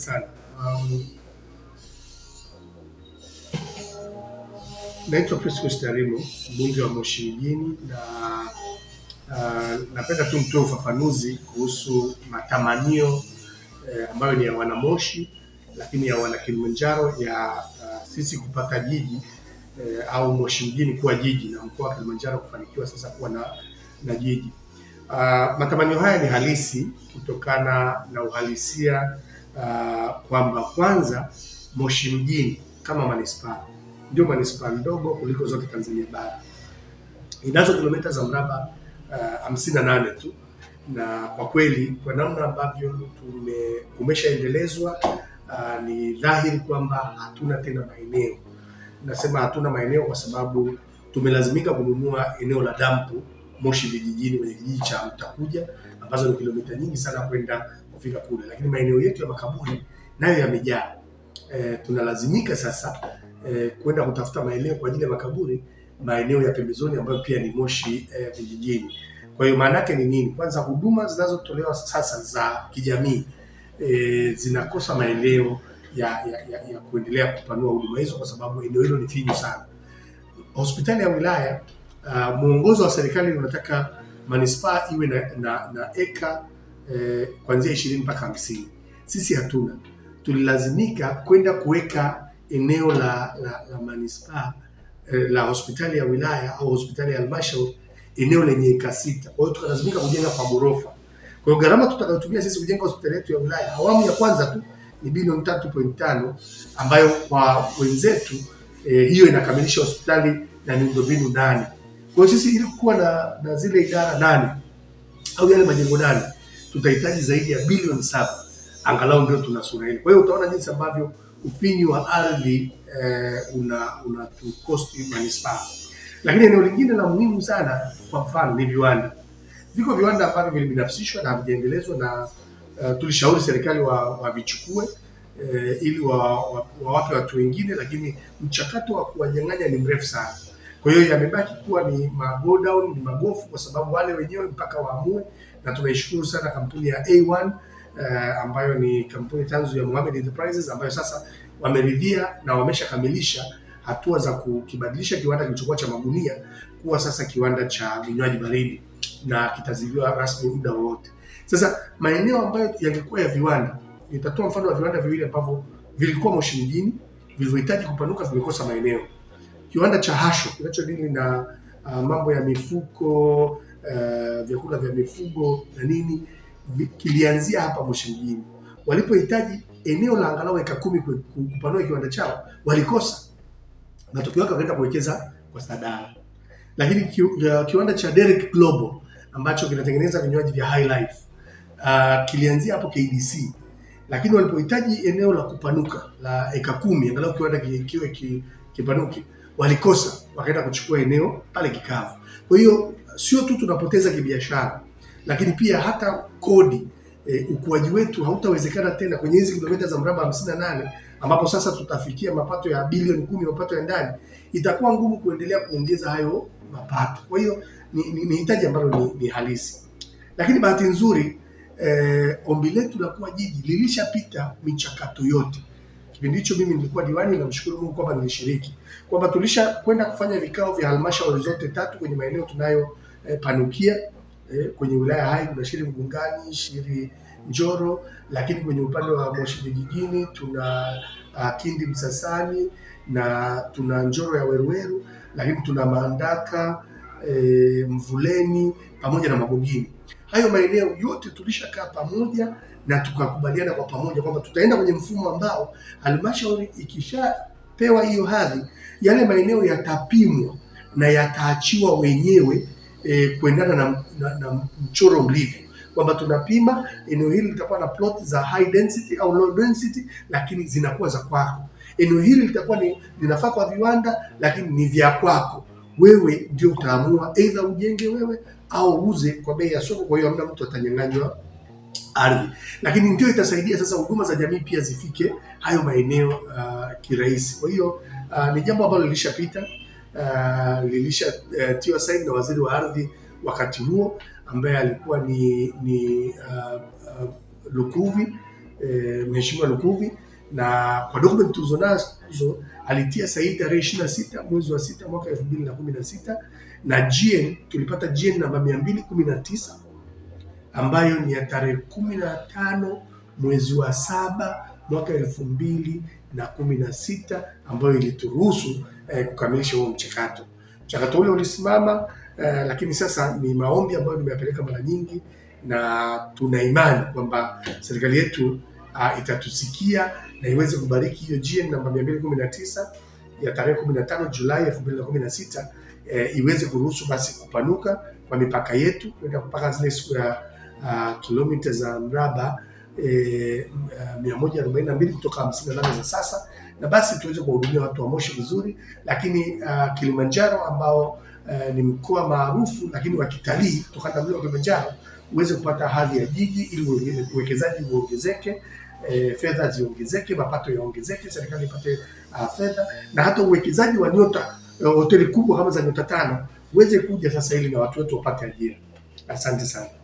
sana. Um, naitwa Priscus Tarimo, mbunge wa Moshi mjini, na uh, napenda tu mtoe ufafanuzi kuhusu matamanio eh, ambayo ni ya wanamoshi lakini ya wana Kilimanjaro ya uh, sisi kupata jiji eh, au Moshi mjini kuwa jiji na mkoa wa Kilimanjaro kufanikiwa sasa kuwa na, na jiji. Uh, matamanio haya ni halisi kutokana na uhalisia uh, kwamba kwanza Moshi mjini kama manispaa ndio manispaa ndogo kuliko zote Tanzania bara, inazo kilomita za mraba ah, hamsini na nane tu, na kwa kweli kwa namna ambavyo tume kumeshaendelezwa uh, ni dhahiri kwamba hatuna tena maeneo. Nasema hatuna maeneo kwa sababu tumelazimika kununua eneo la dampu Moshi vijijini kwenye kijiji cha Mtakuja ambazo ni kilomita nyingi sana kwenda kufika kule, lakini maeneo yetu ya makaburi nayo yamejaa. E, tunalazimika sasa e, kwenda kutafuta maeneo kwa ajili ya makaburi maeneo ya pembezoni ambayo pia ni Moshi e, vijijini. Kwa hiyo maana yake ni nini? Kwanza, huduma zinazotolewa sasa za kijamii e, zinakosa maeneo ya, ya, ya, ya kuendelea kupanua huduma hizo kwa sababu eneo hilo ni finyu sana. Hospitali ya wilaya uh, mwongozo wa serikali unataka manispaa iwe na, na, na eka eh, kuanzia ishirini mpaka hamsini. Sisi hatuna, tulilazimika kwenda kuweka eneo la la, la manispaa eh, la hospitali ya wilaya au hospitali ya halmashauri eneo lenye eka sita. Kwa hiyo tukalazimika kujenga kwa ghorofa. Kwa hiyo gharama tutakayotumia sisi kujenga hospitali yetu ya wilaya awamu ya kwanza tu ni bilioni 3.5 ambayo kwa wenzetu eh, hiyo inakamilisha hospitali na miundombinu nane. Kwa hiyo sisi ili kuwa na, na zile idara nane au yale majengo nane tutahitaji zaidi ya bilioni saba angalau ndio tuna hili. Kwa hiyo utaona jinsi ambavyo upinyu wa ardhi eh, una una cost manispaa. Lakini eneo lingine la muhimu sana kwa mfano ni viwanda. Viko viwanda ambavyo vilibinafsishwa na havijaendelezwa na uh, tulishauri serikali wa wavichukue eh, ili wa, wa, wa watu wengine, lakini mchakato wa kuwanyang'anya ni mrefu sana. Kwa hiyo yamebaki kuwa ni magodown, ni magofu, kwa sababu wale wenyewe mpaka waamue na tunaishukuru sana kampuni ya A1 uh, eh, ambayo ni kampuni tanzu ya Mohamed Enterprises ambayo sasa wameridhia na wameshakamilisha hatua za kukibadilisha kiwanda kilichokuwa cha magunia kuwa sasa kiwanda cha vinywaji baridi na kitazinduliwa rasmi muda wowote. Sasa maeneo ambayo yangekuwa ya viwanda, nitatoa mfano wa viwanda viwili ambavyo vilikuwa Moshi mjini vilivyohitaji kupanuka vimekosa maeneo. Kiwanda cha Hasho kinachodili na uh, mambo ya mifuko vyakula vya mifugo na nini kilianzia hapa Moshi mjini. Walipohitaji eneo la angalau eka kumi kupanua kiwanda chao walikosa, matokeo yake wakaenda kuwekeza kwa Sadara. Lakini kiwanda cha Derek Global ambacho kinatengeneza vinywaji vya High Life uh, kilianzia hapo KDC, lakini walipohitaji eneo la kupanuka la eka kumi angalau kiwanda kiwe kipanuke walikosa, wakaenda kuchukua eneo pale Kikavu. Kwa hiyo sio tu tunapoteza kibiashara, lakini pia hata kodi e, ukuaji wetu hautawezekana tena kwenye hizi kilomita za mraba 58 ambapo sasa tutafikia mapato ya bilioni kumi, mapato ya ndani, itakuwa ngumu kuendelea kuongeza hayo mapato. Kwa hiyo ni, ni, ni hitaji ambalo ni, ni halisi, lakini bahati nzuri e, ombi letu la kuwa jiji lilishapita michakato yote Kipindi hicho mimi nilikuwa diwani, namshukuru Mungu kwamba nilishiriki, kwamba tulisha kwenda kufanya vikao vya halmashauri zote tatu kwenye maeneo tunayopanukia eh, eh, kwenye wilaya Hai kuna shiri Mgungani, shiri Njoro, lakini kwenye upande wa Moshi vijijini tuna uh, Kindi Msasani na tuna Njoro ya Weruweru, lakini tuna Mandaka eh, Mvuleni pamoja na Magogini hayo maeneo yote tulishakaa pamoja na tukakubaliana kwa pamoja kwamba tutaenda kwenye mfumo ambao halmashauri ikishapewa hiyo hadhi, yale maeneo yatapimwa na yataachiwa wenyewe e, kuendana na, na, na mchoro ulivyo kwamba tunapima eneo hili litakuwa na plot za high density au low density, lakini zinakuwa za kwako. Eneo hili litakuwa linafaa kwa viwanda, lakini ni vya kwako wewe ndio utaamua aidha ujenge wewe au uze kwa bei ya soko. Kwa hiyo hamna mtu atanyang'anywa ardhi, lakini ndio itasaidia sasa huduma za jamii pia zifike hayo maeneo uh, kirahisi. Kwa hiyo uh, ni jambo ambalo lilishapita uh, lilisha uh, saini na waziri wa ardhi wakati huo ambaye alikuwa ni ni uh, uh, Lukuvi eh, Mheshimiwa Lukuvi na kwa document tulizonazo alitia sahihi tarehe 26 mwezi wa sita mwaka 2016 na GN tulipata GN namba 219 ambayo ni ya tarehe 15 mwezi wa saba mwaka elfu mbili na kumi na sita ambayo ilituruhusu eh, kukamilisha huo mchakato. Mchakato ule ulisimama eh, lakini sasa ni maombi ambayo nimeyapeleka mara nyingi, na tuna imani kwamba serikali yetu uh, itatusikia na iweze kubariki hiyo GN namba 219 ya tarehe 15 Julai 2016 uh, eh, iweze kuruhusu basi kupanuka kwa mipaka yetu kwenda kupaka zile siku ya uh, kilomita za mraba uh, eh, 142 kutoka 58 za sasa, na basi tuweze kuwahudumia watu wa Moshi vizuri, lakini uh, Kilimanjaro ambao Uh, ni mkoa maarufu lakini wa kitalii kutokana na mlima wa Kilimanjaro uweze kupata hadhi ya jiji ili uwekezaji uongezeke e, fedha ziongezeke, mapato yaongezeke, serikali ipate uh, fedha na hata uwekezaji wa nyota uh, hoteli kubwa kama za nyota tano uweze kuja sasa, ili na watu wetu wapate ajira. Asante sana.